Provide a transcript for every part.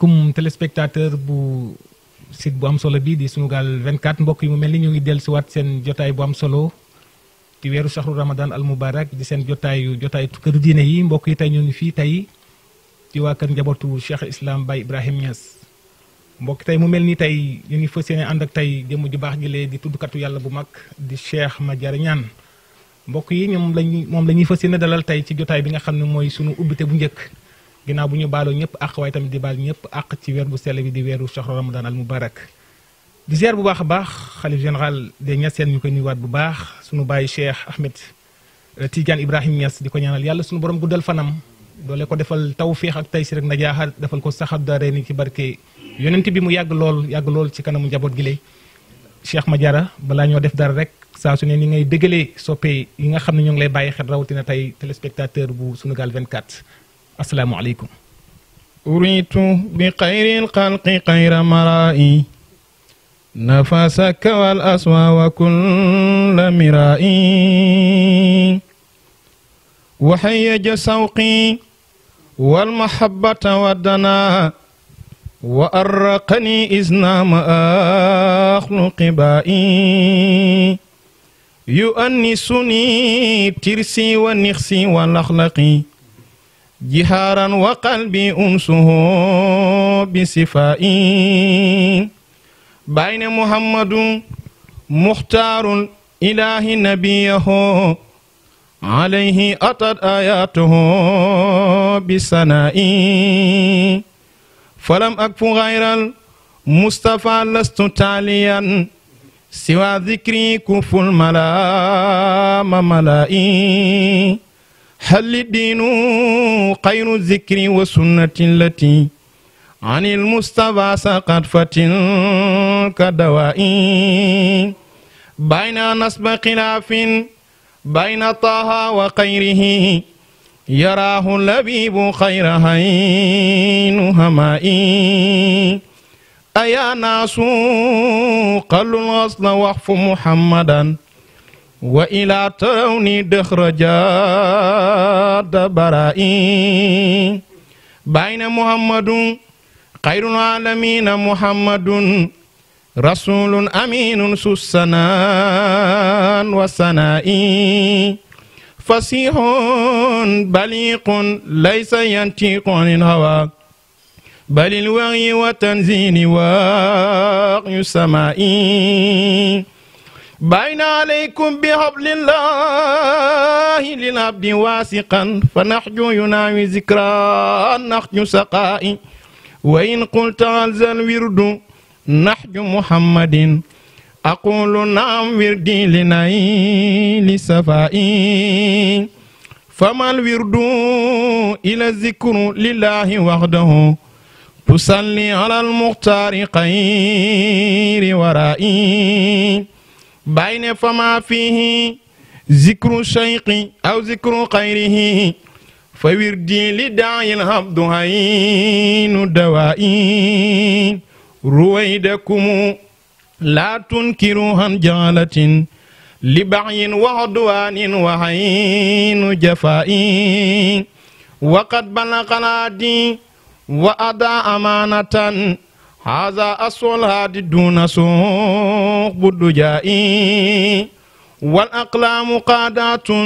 comme téléspectateur bu site bu am solo bii di Sunugal 24 mbokk yi mu mel ni ñu ngi dellu si seen jotaay bu am solo ci weeru saxru ramadan al mubarak di seen jotaayu jotaay kër diine yi mbokk yi tey ñu ngi fii tey ci waa kër njabootu Cheikh Islam Baye Ibrahim Niass mbokk tey mu mel ni tey ñu ngi fas yéene ànd ak tey jëmm ju baax ji lee di tuddkatu yàlla bu mag di Cheikh Madiara Niane mbokk yi ñoom lañuy moom lañuy ñuy fas yéene dalal tey ci jotaay bi nga xam ne mooy sunu ubbite bu njëkk ginnaaw bu ñu baaloo ñëpp àq waaye tamit di baal ñëpp àq ci weer bu sell bi di weeru shahru ramadan al mubarak di ziar bu baax a baax xalif général des Niassène ñu koy nuyuwaat bu baax sunu bàyyi Cheikh Ahmed euh, Tidiane Ibrahim Niass di ko ñaanal yàlla sunu borom guddal fanam doole ko defal tawfiix ak taysiir ak najaaxa defal ko saxab daareeni ci barke yonent bi mu yàgg lool yàgg lool ci kanamu njaboot gi lay Cheikh Madiara balaa ñoo def dara rek saa su ne ni ngay dëgalee soppee yi nga xam ne ñoo ngi lay bàyyi xel rawatina tey téléspectateur bu Sunugal 24 asalaamualeykum uritu bi xayril xalqi xayra maraa'i nafasaka wal aswa wa kulla miraa'i wa hayyaja sawqi wal mahabbata waddana wa arraqani isnaam axluqi baa'i yu annisuni tirsi wa nixsi wa laxlaqi jihaaran wa qalbi unsuhu bi sifaa'i bàyyi ne muhammadu muxtaarul ilaahi nabiyahu alayhi atat ayaatuhu bi sanaa'i falam akfu ghayral mustafa lastu taaliyan siwa dhikri kuful malaama malaa'i halli diinu khayru dhikri wa sunnati allati anil mustafa saqat fatilka dawaa'i bayna nasba khilafin bayna taha wa khayrihi yaraahu labibu xayra haynu hamaa'i ayaa naasu qallul asla waxfu muhammadan wa ilaa tarawni dëxra jaada baraa'i bayna muhammadun xayrul aalamiina muhammadun rasulun aminun sussanaan wa sanaa'i فصيح بليق ليس ينتيق عن الهوى بل الوغي وتنزيل واقي السماء بين عليكم بحبل الله للعبد واثقا فنحجو يناوي ذكرى نحجو سقاء وإن قلت عز الورد نحجو محمد aqulu naam wirdi li nay li safaa'i famal wirdu ila zikru lillahi waxdahu tusalli ala almuxtaari xayri waraa'i bayne fama fiihi zikru shayqi aw zikru xayrihi fa wirdi li daayil habdu haynu dawaa'i ruwaydakumu laa tunkiru han jaalatin li baxyin wa udwaanin wa haynu jafaa'i wa qad balaga naadi wa ada amaanatan haza asol haadi duuna suuq bu dujaa'i wal aqlaamu qaadaatun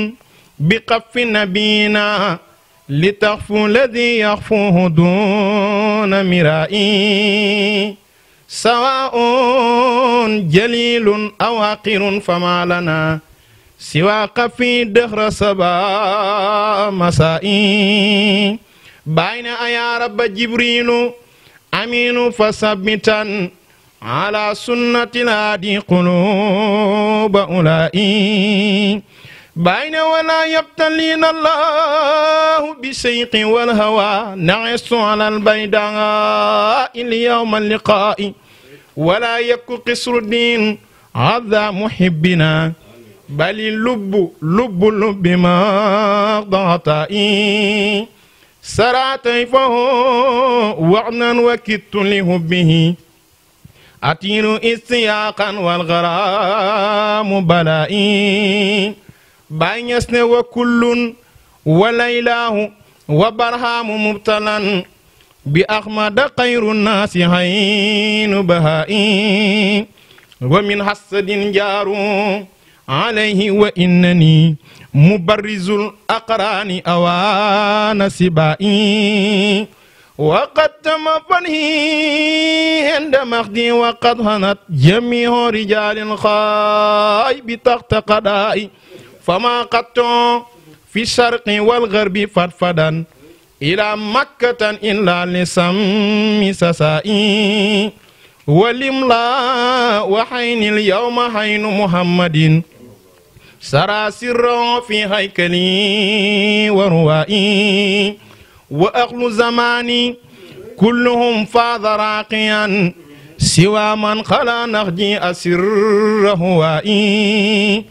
bi qaffi nabiina li taxfu ladi yaxfuhu duuna miraa'i sawaa'un jaliilun aw haqirun famaa lanaa siwaa qafi dëxra saba masaa'i baayna ayaa rabba jibriilu amiinu fa sabbitan ala sunnati laadi quluuba ulaa'i بين ولا يبتلين الله بشيق والهوى نعس على البيداء اليوم اللقاء ولا يك قصر الدين هذا محبنا بل اللب لب لب ما ضغطائي سرى طيفه وعنا وكدت لهبه أتين استياقا والغرام بلائي baay ñas ne wa kullun wa laylaahu wa barhaamu mubtalan bi ahmada xayru naasi haynu bahaa'i wa min hasadin jaaru alayhi wa innani mubarrizul aqraani awaana sibaa'i وقد تم فنهي عند مخدي وقد هنت جميع رجال الخائب تحت قدائي فما قط في الشرق والغرب فرفدا إلى مكة إلا لسم سسائي والإملاء وحين اليوم حين محمد سرى سرا في هيكلي وروائي وأغل زماني كلهم فاض راقيا سوى من خلا نخجي أسره وائي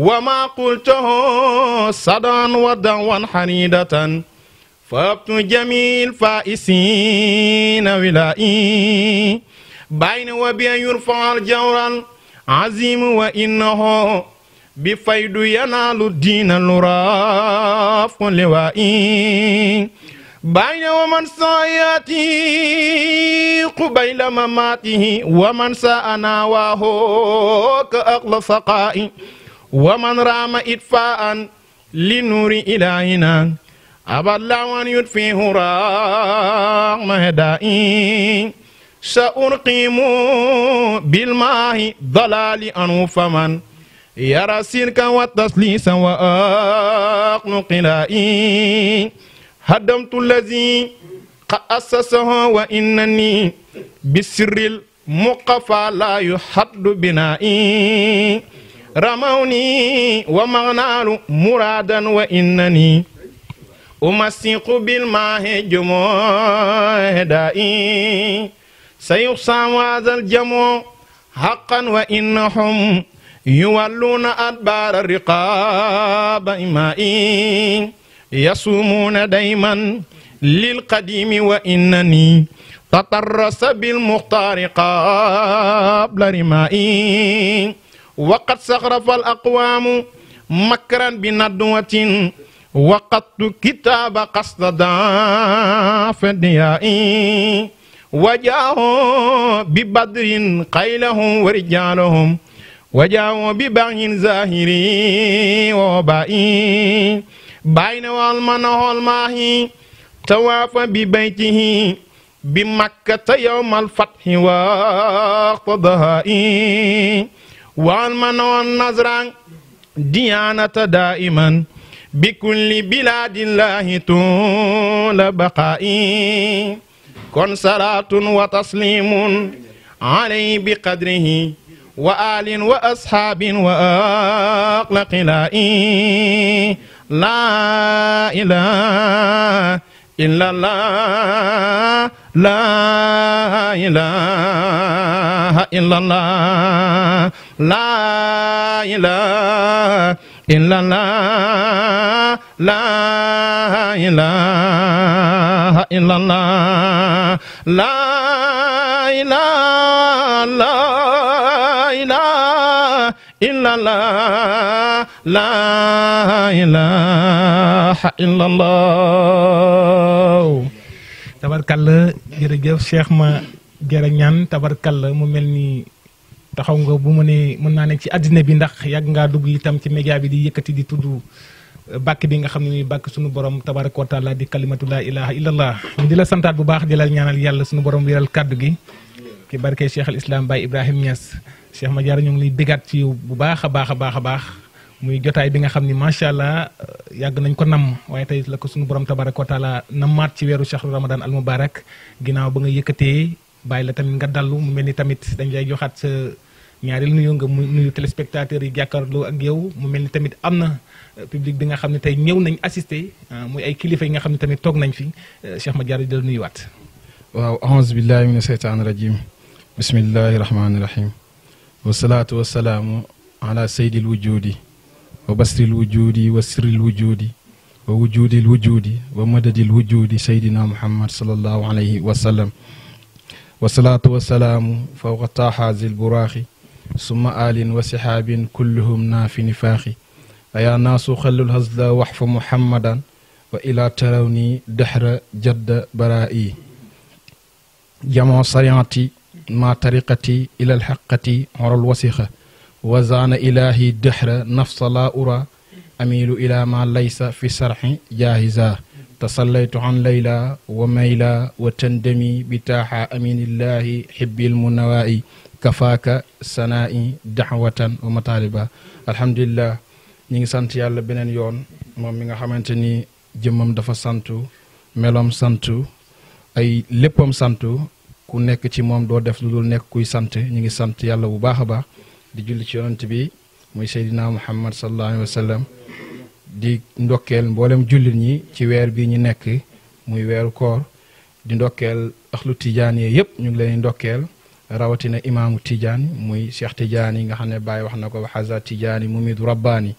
وما قلته صدا ودعوا حنيدة فابت جميع الفائسين ولائي بين وبين يرفع الجور العظيم وإنه بفيد ينال الدين الراف لوائي بين ومن سياتي قبيل مماته ومن سأناواه كأغلى سقائي ومن رام إطفاء لنور إلهنا أبى الله أن يطفئه رغم هدائي سأرقم بالماء ضلال أنو فمن يرى سيرك والتسليس وأقل قلائي هدمت الذي قد أسسه وإنني بالسر المقفى لا يحد بنائي رموني ومغنال مرادا وإنني أمسق بالماء جموع دائي سيقسم هذا الجموع حقا وإنهم يولون أدبار الرقاب إمائي يصومون دائما للقديم وإنني تطرس بالمختار قبل رمائي وقد سخرف الأقوام مكرا بندوة وقدت كتاب قصد فديائي وجاءوا ببدر قيلهم ورجالهم وجاءوا ببغي زاهري وبائي بين والمن والماهي تواف ببيته بمكة يوم الفتح واقتضائي وعن منون نظرا ديانة دائما بكل بلاد الله طول بقائي كن صلاة وتسليم عليه بقدره وآل وأصحاب وأقلق لائي لا إله إلا الله لا إله إلا الله laa ilaaha illallah laa ilaaha illallah laa ilaaha illallah laa ilaaha illallah. tabarkalla jërëjëf Cheikh ma jërë ñaan tabarkalla mu mel nii taxaw nga bu ma ne mën naa ne ci àddina bi ndax yàgg ngaa dugg itam ci média bi di yëkkati di tudd euh, bàkk bi nga xam ne muy bàkk sunu borom tabaraka wa di kalimatu laa ilaha illallah di la santaat bu baax di la ñaanal yàlla sunu borom wéral kàddu gi ci barke Cheikh al Islam Baye Ibrahim Niass Cheikh Madiara ñu ngi lay bégaat ci bu baax a baax a baax a muy jotaay bi nga xam ni macha allah euh, yàgg nañ ko nam waaye tey la ko suñu borom tabaraka wa taala nammaat ci weeru shahru ramadan al mubarak ginnaaw ba nga yëkkatee bàyyi la tamit nga dallu mu mel ni tamit dañ lay joxaat sa ñaareel nuyoo nga mu nuyu téléspectateurs yi jàkkaarloo ak yow mu mel ni tamit am na euh, public bi nga xam ne tey ñëw nañ assisté euh, muy ay kilifa yi nga xam ne tamit toog nañ fi euh, Cheikh Madiar di la nuyuwaat. waaw aouzu billahi mina seytaani rajim bismillahi rahmaani rahim wasalaatu wasalaamu ala sayyidil wujudi wa basril wujudi wa sirril wujudi wa wujudil wujudi wa madadil wujudi sayyidina muhammad sallallahu alayhi wa sallam wasalaatu wasalaamu fawqa taaxaazil buraaxi summa aalin wa sixaabin kulluhum naafi nifaaxi ayaa naasu xallul hasla wax fa muhammadan wa ilaa taraw nii dexra jadda baraa'i jamoo sarianti ma tariqati ila alxaqati xoral wasixa wa zaana ilaahi dexra nafsa laa ura amilu ila ma laysa fi sarxi jaahiza tasallaytu an layla wa mayla wa tandami bi taaxa aminillahi xibbil munawaayi kafaaka sanaa'i daxwatan wa mataaliba alhamdulilah ñi ngi sant yàlla beneen yoon moom mi nga xamante ni jëmmam dafa santu melom sant ay léppam sant ku nekk ci moom doo def lu dul nekk kuy sant ñi ngi sant yàlla bu baax a baax di julli ci yonent bi mooy seydina muhammad sallallahu alayhi di ndokkeel mboolem jullit ñi ci weer bi ñu nekk muy weeru koor di ndokkeel axlu tijaan yi yëpp ñu ngi leen ndokkeel rawatina imaamu tijaan muy cheikh tijaan yi nga xam ne Baye wax na ko waxaza tijaan yi mumit rabbaani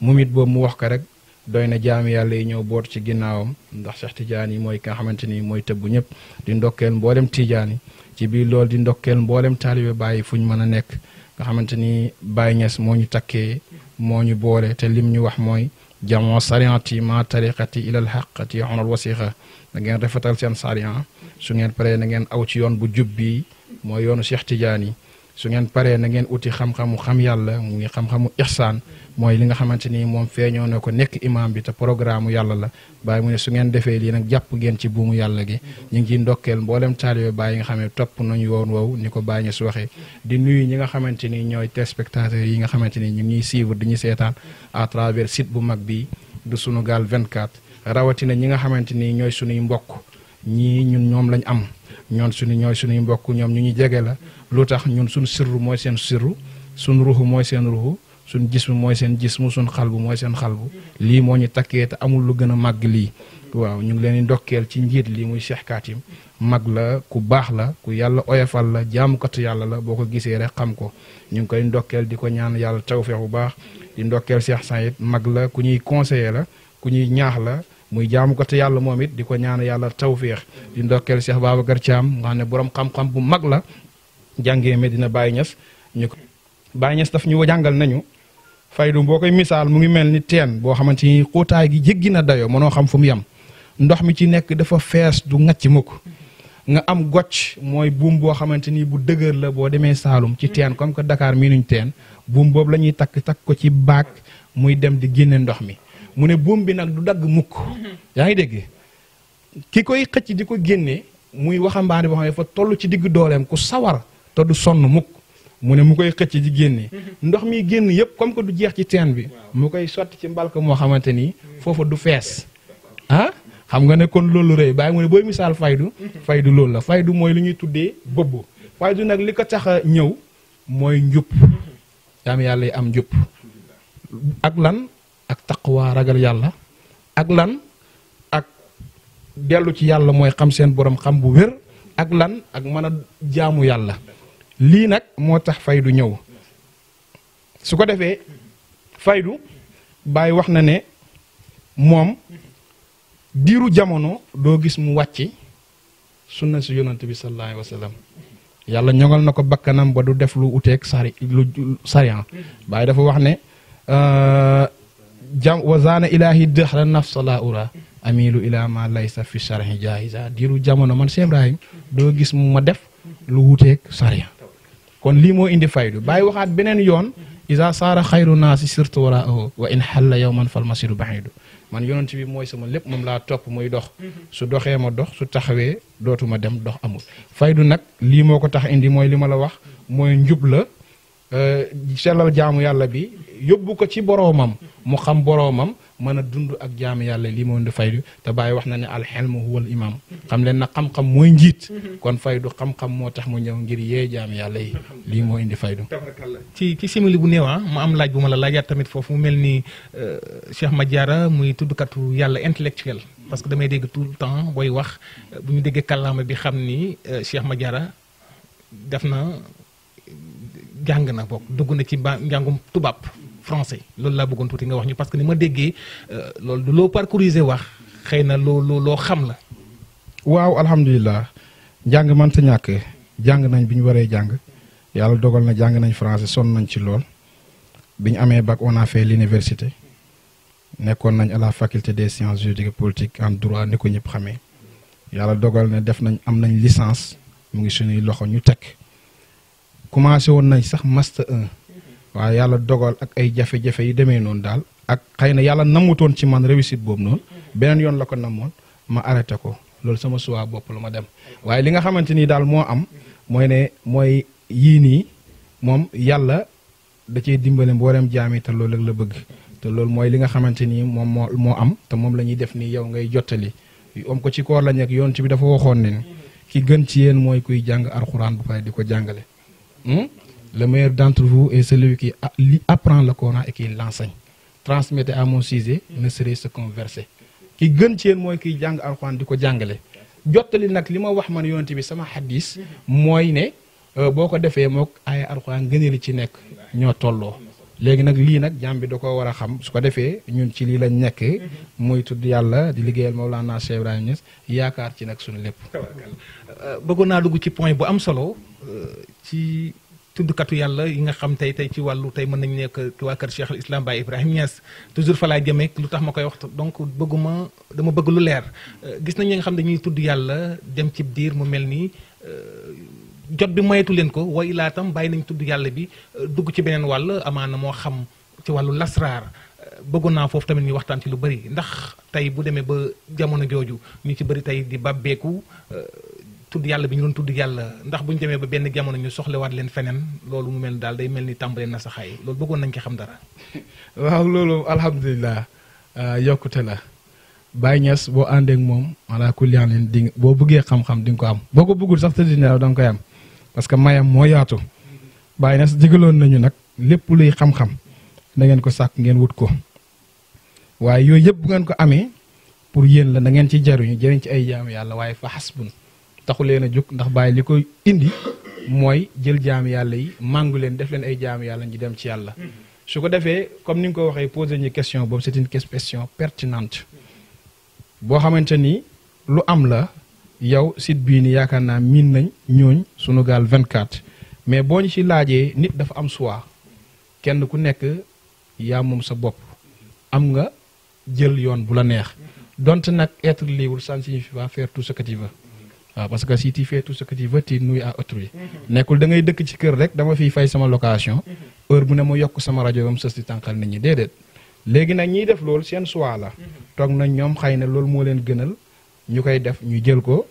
mumit boobu mu wax ko rek doy na jaami yàlla yi ñëw boot ci ginnaawam ndax cheikh tijaan yi mooy ki nga xamante ni mooy tëbb ñëpp di ndokkeel mboolem tijaan yi ci biir lool di ndokkeel mboolem taalibe bàyyi fu ñu mën a nekk nga xamante ni Baye moo ñu takkee moo ñu boole te lim ñu wax mooy jamoo sarianti ma tariqati ilal xaqati onal wasixa da ngeen rafetal seen sariant su ngeen paree na ngeen aw ci yoon bu jub bi mooy yoonu Cheikh Tidiane yi su ngeen paree na ngeen uti xam-xamu xam yàlla mu ngi xam-xamu ixsaan mooy li nga xamante ni moom feeñoo na ko nekk imaam bi te programme yàlla la bàyyi mu ne su ngeen defee lii nag jàpp ngeen ci buumu yàlla gi ñu ngi ciy ndokkeel mboolem taalibe bàyyi nga xam ne topp nañu woon wow ni ko bàyyi su waxee di nuyu ñi nga xamante ni ñooy téléspectateurs yi nga xamante ni ñu ngi ñuy suivre di ñu seetaan à travers site bu mag bi du sunu gaal 24 rawatina ñi nga xamante ni ñooy sunuy mbokk ñii ñun ñoom lañ am ñoon suñu ñooy suñuy mbokk ñoom ñu ñu jege la lu tax ñun suñ sirru mooy seen sirru suñ ruuxu mooy seen ruuxu suñ jismu mooy seen jismu suñ xalbu mooy seen xalbu lii moo ñu takkee te amul lu gën a màgg lii waaw ñu ngi leen di ndokkeel ci njiit lii muy Cheikh kaatim mag la ku baax la ku yàlla oyofal la jaamukatu yàlla la boo ko gisee rek xam ko ñu ngi koy ndokkeel di ko ñaan yàlla tawfeex bu baax di ndokkeel Cheikh Sayid mag la ku ñuy conseiller la ku ñuy ñaax la muy jaamukatu yàlla moom it di ko ñaan yàlla tawfeex di ndokkeel Cheikh Babacar Thiam nga xam ne boroom xam-xam bu mag la jàngee Medina Baye Niass ñu ko Baye Niass ñu jàngal nañu faydu boo koy misaal mu ngi mel ni teen boo xamante ni xootaay gi jéggi na dayoo mënoo xam fu mu yem ndox mi ci nekk dafa fees du ŋacc mukk nga am gocc mooy buum boo xamante ni bu dëgër la boo demee Saalum ci teen comme que Dakar mii nuñ teen buum boobu lañuy ñuy takk takk ko ci baag muy dem di génne ndox mi mu ne buum bi nag du dagg mukk yaa ngi dégg ki koy xëcc di ko génne muy waxambaane boo toll ci digg dooleem ku sawar te du sonn mukk mu ne mu koy xëcc di génne mhm. ndox mi génn yëpp comme que du jeex ci teen bi mu koy sotti ci mbalka moo xamante ni foofa du fees ah xam nga ne kon loolu rëy bàyyi mu ne booy misaal faydu mhm. faydu loolu la faydu mooy li ñuy tuddee bëbb faydu nag li ko tax ñëw mooy njub jaam mhm. yàlla am njub ak lan ak taqwa ragal yàlla ak lan ak dellu ci yàlla mooy xam seen boroom xam bu wér ak lan ak mën a jaamu yàlla lii nag moo tax faydu ñëw su ko defee faydu Baye wax na ne moom diiru jamono doo gis mu wàcc sunna si yonant bi yàlla ñoŋal na ko bakkanam ba du def lu uteeg sari lu dafa wax ne euh, jam wa zaana ilaahi dëxra nafsa la ura amilu ila ma laysa fi sharhi diiru jamono man Cheikh doo gis mu ma def lu wuteeg sariyan kon lii moo indi faydu bàyyi waxaat beneen yoon isa saara xayru naasi surtout waraahu wa in xalla yowman fal masiru baxidu man yonent bi mooy sama lépp moom laa topp muy dox su doxee ma dox su taxawee dootuma dem dox amul faydu nag lii moo ko tax indi mooy li ma la wax mooy njub la euh, jaamu yàlla bi yóbbu ko ci boroomam mu xam boroomam mën a dund ak jaam yàlla lii moom di faydu te bàyyi wax na ne alxelmu huwal imam xam leen na xam-xam mooy njiit kon faydu xam-xam moo tax mu ñëw ngir yee jaamu yàlla yi lii moo indi faydu ci ci simili bu néewa ah, ma am laaj bu ma la laajaat tamit foofu mu mel ni euh, Cheikh Madiara muy tuddukatu yàlla intellectuel parce que damay dégg tout le temps booy wax euh, bu ñu déggee kàllaama bi xam ni euh, Cheikh Madiara def na jàng na bokk dugg na ci ba njàngum tubaab français loolu laa bëggoon tuuti nga wax ñu parce que ni ma déggee euh, loolu du loo parcourisé wax xëy na loo loo xam la. waaw alhamdulillah jàng man ta ñàkk jàng nañ bi ñu waree jàng yàlla dogal na jàng nañ français sonn nañ ci lool bi ñu amee bac on a fait l'université nekkoon nañ à la faculté des sciences juridiques et politiques en droit ni ko ñëpp xamee yàlla dogal na def nañ am nañ licence mu ngi suñuy loxo ñu teg commencé woon nañ sax master waaye yàlla dogal ak ay jafe-jafe yi demee noonu daal ak xëy na yàlla namutoon ci man réussite boobu noonu beneen yoon la ko namoon ma arrêté ko loolu sama suwaa bopp la ma dem waaye li nga xamante ni daal moo am mooy ne mooy yii nii moom yàlla da cee dimbale mboolem jaami te loolu la bëgg te loolu mooy li nga xamante ni moom moo moo am te moom la ñuy def nii yow ngay jottali om ko ci koor la nekk yoon ci bi dafa waxoon ne ki gën ci yéen mooy kuy jàng alxuraan ba pare di ko jàngale hmm? Le meilleur d'entre vous est celui qui apprend le Coran et qui l'enseigne. Transmettez à mon sujet, ne serait-ce qu'un verset. ki gën ci yéen mooy kiy jàng alxuraan di ko jàngale jottali nag li ma wax man yonent bi sama xadis mooy ne euh, boo ko defee mook ay alxuraan gëne li ci nekk ñoo tolloo léegi nag lii nag jàmm bi da ko war a xam su ko defee ñun ci lii lañ nekk muy tudd yàlla di liggéeyal Mawlana Cheikh Ibrahima Niass yaakaar ci nag suñu lépp euh, bëggoon naa dugg ci point am solo euh, tuddkatu yàlla yi nga xam tey tey ci wàllu tey mën nañu nekk waa kër Cheikh al Islam Baye Ibrahima Niass toujours fa laa jëmee lu tax ma koy wax donc bëgguma dama bëgg lu leer euh, gis nañ ñi nga xam dañuy tudd yàlla dem ci diir mu mel nii euh, jot bi moyetu leen ko way laa tam bàyyi nañ tudd yàlla bi euh, dugg ci beneen wàll amaana moo xam ci wàllu lasraar bëggoon naa foofu tamit ñu waxtaan ci lu bëri ndax tey bu demee ba jamono jooju ñu ci bëri tey di tudd yàlla bi ñu doon tudd yàlla ndax bu ñu demee ba benn jamono ñu soxlewaat leen feneen loolu mu mel daal day mel ni tàmbalee na saxaay loolu bëggoon nañ ci xam dara. waaw loolu alhamdulilah euh, yokkute la Baye Niass boo àndee moom walla ku li leen di boo bëggee xam-xam ko am boo ko bëggul sax tëdd nelaw da koy am parce que mayam moo yaatu Baye Niass digaloon nañu nag lépp luy xam-xam ngeen ko sàkk ngeen wut ko waaye yooyu yëpp bu ngeen ko amee pour yéen la da ngeen ci jaruñu jëriñ ci ay jaamu yàlla waaye fa bu taxu leen a jóg ndax bàyyi li koy indi mooy jël jaam yàlla yi màngu leen def leen ay jaam yàlla ñu dem ci yàlla. su ko defee comme ni nga ko waxee posé ñu question boobu c'est une question pertinente boo xamante ni lu am la yow site bii ni yaakaar naa miin nañ ñooñ sunu gaal 24 mais boo ñu ci laajee nit dafa am choix kenn ku nekk yaa moom sa bopp am nga jël yoon bu la neex donte nag être libre ça ne signifie pas faire tout ce que tu waaw ah, parce que si tu fais tout ce que tu veux tu nuis nekkul da ngay dëkk ci kër rek dama fiy fay sama location heure bu ne mu yokk sama rajo ba mu sës di tànkal nit ñi déedéet léegi nag ñiy def loolu seen choix la toog nañ ñoom xay na loolu moo leen gënal ñu koy def ñu jël ko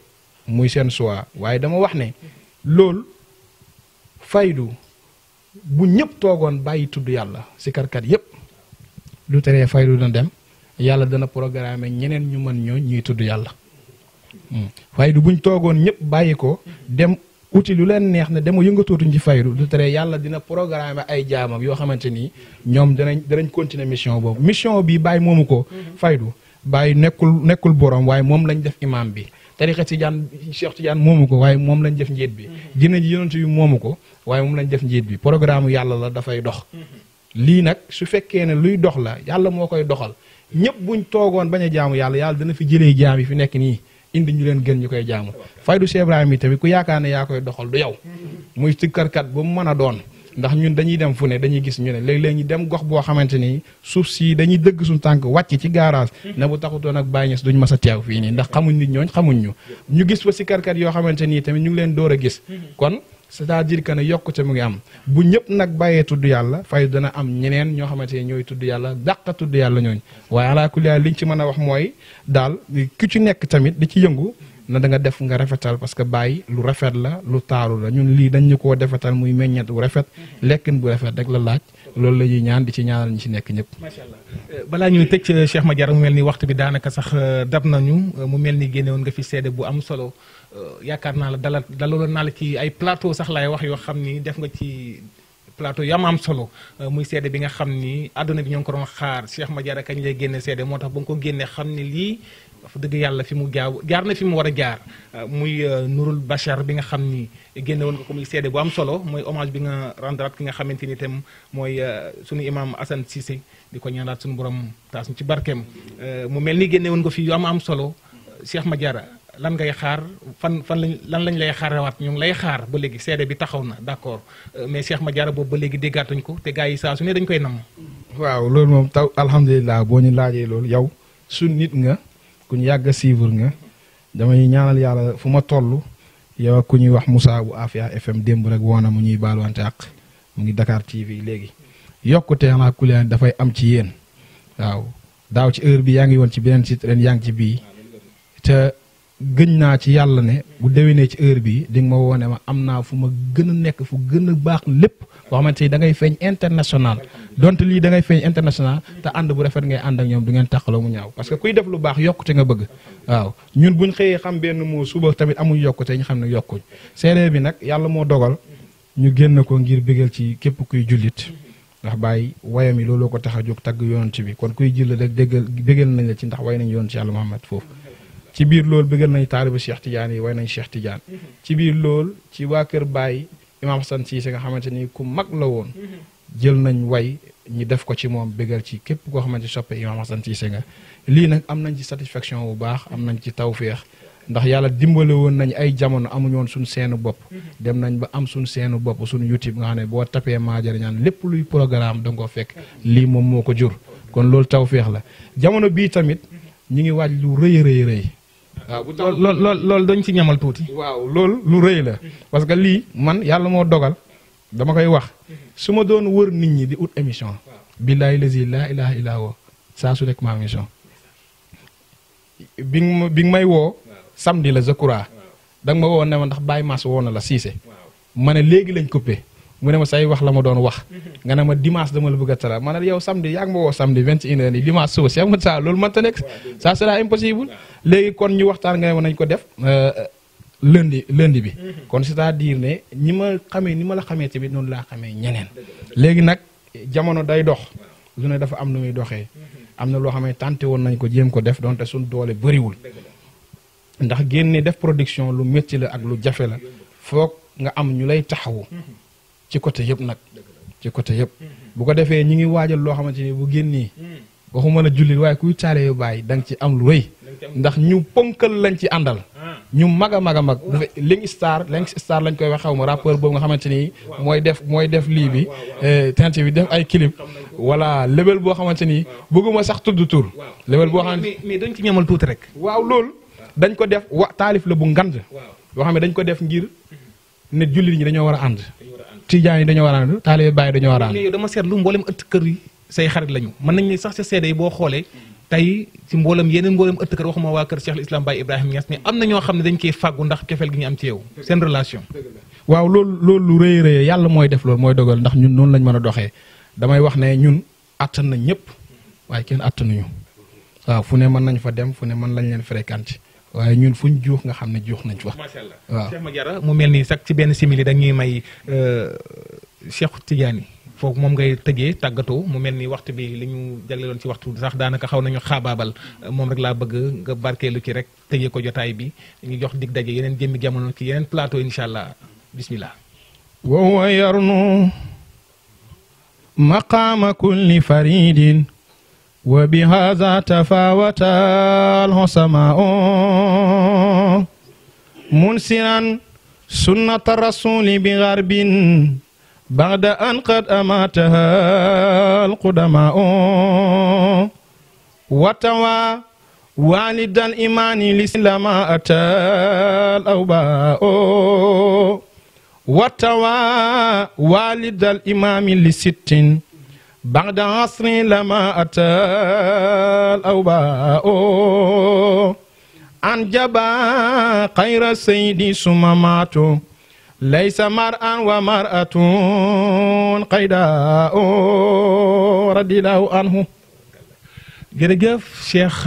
muy seen choix waaye dama wax ne loolu faydu bu ñëpp toogoon bàyyi tudd yàlla si karkat yëpp lu teree faydu na dem yàlla dana programmer ñeneen ñu mën ñoo ñuy tudd yàlla waaye du buñ toogoon ñëpp bàyyi ko dem uti lu leen neex na dama yëngatootuñ ci faydu du tere yàlla dina programme ay jaamam yoo xamante ni ñoom danañ danañ continuer mission boobu mission bi bàyyi moomu ko mhm. faydu bàyyi nekkul nekkul boroom waaye moom lañ def imam bi tariqa tijaan cheikh tijaan moomu ko waaye moom lañ def njiit bi dina mhm. ji yonent moomu ko waaye moom lañ def njiit bi programme yàlla la dafay dox mhm. lii nag su fekkee ne luy dox la yàlla moo koy doxal ñëpp buñ toogoon bañ a jaamu yàlla yàlla dana fi jëlee jaam yi fi nekk nii indi ñu leen gën ñu koy jaamu faydu Cheikh Ibrahima yi tamit ku yaakaar ne yaa koy doxal du yow muy sikkarkat ba mu mën a doon ndax ñun dañuy dem fu ne dañuy gis ñu ne léeg-léeg ñu dem gox boo xamante ni suuf si dañuy dëgg suñu tànk wàcc ci garage hmm. na bu taxutoon ak bàyyi ñes duñ mas a teew fii nii ndax xamuñ nit ñooñ xamuñ ñu ñu gis fa sikkarkat yoo xamante nii tamit ñu ngi leen door a gis hmm. kon c'est-à-dire que ne yokk ca mu ngi am bu ñëpp nag bàyyee tudd yàlla fay dana am ñeneen ñoo xamante ne ñooy tudd yàlla dàqa tudd yàlla ñooñ waaye alaa kulli haal liñ ci mën a wax mooy daal ku ci nekk tamit di ci yëngu na danga def nga rafetal parce que bàyyi lu rafet la lu taaru la ñun lii dañ ñu koo defetal muy meññet wu rafet lekkin bu rafet rek la laaj loolu la ñuy ñaan di ci ñaanal ñu ci nekk ñëpp. macha allah euh, balaa ñuy tëj ma euh, Madiara mu mel ni waxtu bi daanaka sax euh, dab nañu mu mel ni génne woon nga fi seede bu am solo. Euh, yaakaar naa la dala dalaloon naa la ci ay plateau sax laay wax yoo xam ni def nga ci plateau yam am solo euh, muy seede bi nga xam ni àdduna bi ñoo ngi ko doon xaar Cheikh Madiara kañ lay génne seede moo tax ba nga ko génne xam ni lii wax dëgg yàlla fi mu jaaw jaar na fi mu war a jaar euh, muy Nurul Bachar bi nga xam ni génne woon nga ko bu am solo mooy hommage bi nga rendrat ki nga xamante ni itam mooy sunu imam Assane Cissé di ko ñaanaat sunu borom taas ci barkeem mu mel ni génne woon nga fi yu am am solo Cheikh Madiara lan ngay xaar fan fan lañ lan lañ lay xaarewaat ñu ngi lay xaar ba léegi seede bi taxaw na d'accord euh, mais ma Madiara boobu ba léegi déggaatuñ ko te gars yi saa su ne dañ koy nam waaw loolu moom taw alhamdulilah boo ñu laajee loolu yow su nit nga ku ñu yàgg a nga damay ñaanal yàlla fu ma toll yow ku ñuy wax musaa bu Afia FM démb rek woona mu ñuy baal wante ak mu ngi dakaar TV léegi yokkute xanaa ku leen dafay am ci yéen waaw daaw ci heure yaa ngi woon ci beneen site yaa ngi ci bii gëñ naa ci yàlla ne bu déwénee ci heure bii di nga ma woone ma am naa fu ma gën a nekk fu gën a baax lépp wax xamante ni da ngay feeñ international donte lii dangay ngay feeñ international te ànd bu rafet ngay ànd ak ñoom du ngeen taxaloo mu ñaaw parce que kuy def lu baax yokkute nga bëgg waaw ñun buñ xëyee xam benn moo suba tamit amuñ yokkute ñu xam ne yokkuñ seede bi nag yàlla moo dogal ñu génn ko ngir bégal ci képp kuy jullit ndax bàyyi wayam yi looloo ko tax a jóg tagg yonent bi kon kuy jullit rek déggal bégal nañ ci ndax way nañ yonent yàlla Muhammad foofu ci biir loolu bëggal nañ taaliba Cheikh Tidiane yi way nañ Cheikh tijaan ci biir lool ci waa kër Baye Imam Hassan Cissé nga xamante ni ku mag la woon jël nañ way ñi def ko ci moom bëggal ci képp koo xamante soppe Imam Hassan Cissé nga lii nag am nañ ci satisfaction bu baax am nañ ci tawféex ndax yàlla dimbale woon nañ ay jamono amuñu woon suñ seenu bopp dem nañ ba am suñ seenu bopp suñ YouTube nga xam ne boo tapee Madiary Niane lépp luy programme da nga ko fekk lii moom moo ko jur kon loolu tawféex la jamono bii tamit ñu ngi waaj lu rëy rëy rëy waaw ah, bu tax lool lool loolu dañ ci ñamal tuuti. waaw loolu lu rëy la. parce que lii man yàlla moo dogal dama koy wax. su ma doon wër nit ñi di ut émission. billaahi lazi laa ilaaha illaa wa saa su nekk ma émission. bi nga bi may woo. samedi la je crois. da nga ma woo ne ma ndax Baye Mass woo na la Cissé. ma ne léegi lañ coupé. mu ne ma say wax la ma doon wax nga ne ma dimanche dama la bëgg a tara ma ne yow samedi yaa ngi ma woo samedi vingt et une heures yi dimanche suba si amul saa loolu mënta nekk ça sera impossible léegi kon ñu waxtaan nga ne ma nañ ko def euh, lundi lundi bi kon c'est-à-dire ne ñi ma xamee ni ma la xamee tamit noonu laa xamee ñeneen léegi nag jamono day dox lu ne dafa am lu muy doxee am na loo xam ne tànte woon nañ ko jéem ko def donte suñ doole bëriwul ndax génne def production lu métti la ak lu jafe la foog nga am ñu lay taxawu ci côté yëpp nag ci côté yëpp bu ko defee ñi ngi waajal loo xamante ni bu génnee waxuma la jullit waaye kuy taale yu bàyyi da nga ci am lu rëy ndax ñu ponkal lañ ci àndal ñu mag a mag a mag Ling Star Ling Star lañ koy wax xaw ma rappeur boobu nga xamante ni mooy def mooy def lii bi eh, tente bi def ay clip voilà label boo xamante ni bëgguma sax tudd tur label boo xamante mais dañ ci ñamal tuuti rek waaw loolu dañ ko def wa taalif la bu ngand boo xam ne dañ ko def ngir ne jullit ñi dañoo war tijaan yi dañoo war a ànd taalibe Baay dañoo war a ànd dama seetlu mboolem ëtt kër yi say xarit lañu mën nañ ne sax sa seede yi boo xoolee tey si mboolem yeneen mboolem ëtt kër waxuma waa kër Cheikh Islam Baay Ibrahima Niass mais am na ñoo xam ne dañ koy fàggu ndax cofeel gi ñu am ci yow seen relation waaw loolu lu rëy rëy yàlla mooy def loolu mooy dogal ndax ñun noonu lañ mën a doxee damay wax ne ñun àttan nañ ñëpp waaye kenn attanuñu waaw fu ne mën nañ fa dem fu ne mën lañ leen fréquenté waaye ñun fuñ juux nga xam ne juux nañ fa. macha allah waaw Cheikh mu mel ni sax ci benn simili dañuy may euh, Cheikh Tidiane foofu moom ngay tëjee tàggatoo mu mel ni waxtu bi li ñu jagleeloon ci waxtu sax daanaka xaw nañu xaabaabal moom rek laa bëgg nga barkeelu ci rek tëjee ko jotaay bi ñu jox dig daje yeneen jëmmi jamono ci yeneen plateau incha allah bismillah. wa huwa yarnu maqaama kulli faridin وبهذا تفاوت الحسماء منسرا سنة الرسول بغرب بعد أن قد أماتها القدماء وتوى والد الإيمان لسلم أتى الأوباء وتوى والد الإمام لست بعد عصر لما أتى الأوباء عن جبا خير سيد سممات ليس مرأة ومرأة قيداء رضي الله عنه jërëjëf Cheikh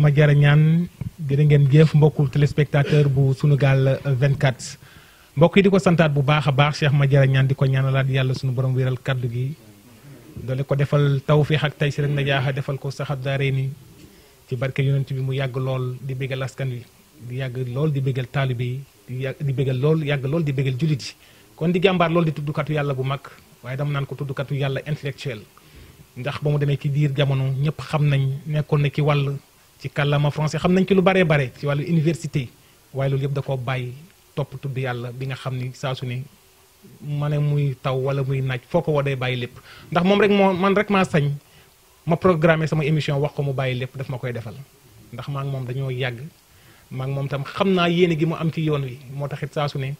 Madiara Niane jërë ngeen jëf mbokku téléspectateur bu Sunugal 24 mbokk yi di ko santaat bu baax a ma Cheikh Madiara di ko ñaanalaat yàlla sunu borom wiiral kaddu gi doole ko defal tawfiix ak taysir ak najaaxa defal ko saxat daaree ni ci barke yonent bi mu yàgg lool di bégal askan wi di yàgg lool di bégal taalibe yi di di bégal lool yàgg lool di bégal jullit yi kon di jàmbaar lool di tuddukatu yàlla bu mag waaye dama naan ko tuddukatu yàlla intellectuel ndax ba mu demee ci biir jamono ñëpp xam nañ nekkoon na ci wàll ci kàllaama français xam nañ ci lu baree bare ci wàllu université waaye loolu yëpp da koo bàyyi topp tudd yàlla bi nga xam ni saa su ne ma ne muy taw wala muy naaj foo ko woo dee bàyyi lépp ndax moom rek moo man rek maa sañ ma programmé sama émission wax ko mu bàyyi lépp daf ma koy defal ndax maa moom dañoo yàgg maa moom tam xam naa yéene gi mu am ci yoon wi moo taxit saa su ne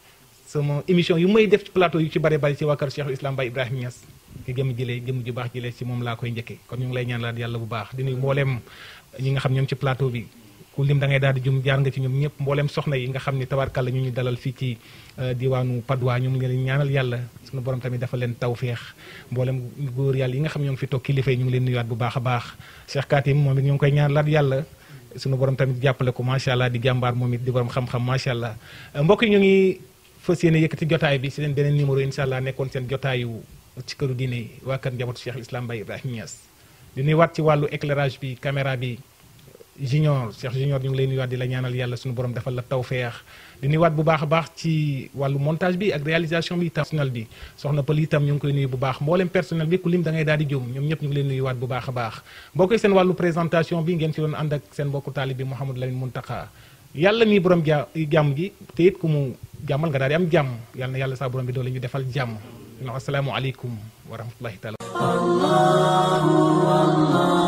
sama émission yu may def ci plateau yu ci bare bari ci waa kër Cheikhul Islam Baye Ibrahima ñas ki gëm jëlee jëm ju baax jële ci moom laa koy njëkkee kon ñu ngi lay ñaanalaat yàlla bu baax di nuyu mbooleem ñi nga xam ñoom ci plateau bi ku lim da ngay daal di jum jaar nga ci ñoom ñëpp mbooleem soxna yi nga xam ne tabarkalla ñu ñu dalal fii ci euh, diwaanu Padois ñu ngi leen ñaanal yàlla suñu borom tamit a baax Cheikh Katim moom it ñu ngi koy ñaanalaat yàlla suñu borom jàppale ko macha allah di jàmbaar moom it di borom xam-xam macha allah euh, mbokk yi ñu ngi fas yéene yëkkati jotaay bi si leen beneen numéro incha allah nekkoon seen jotaayu ci këru diine yi waa kër njabootu Cheikh Islam Baye Ibrahima Niass di nuyuwaat ci wàllu éclairage bi caméra bi junior Cheikh junior ñu ngi lay nuyuwaat di la ñaanal yàlla suñu borom defal la tawféex di nuyuwaat bu baax a baax ci wàllu montage bi ak réalisation bi itam personnel bi soxna pël itam ñu ngi koy nuyu bu baax mboolem personnel bi ku lim da ngay daal di jóg ñoom ñëpp ñu ngi leen nuyuwaat bu baax a baax mbokk yi seen wàllu présentation bi ngeen ci doon ànd ak seen mbokku taalib bi Mouhamadou Lamine yàlla mii borom ja jàmm gi te it ku mu jàmmal nga daal di am jàmm yàlla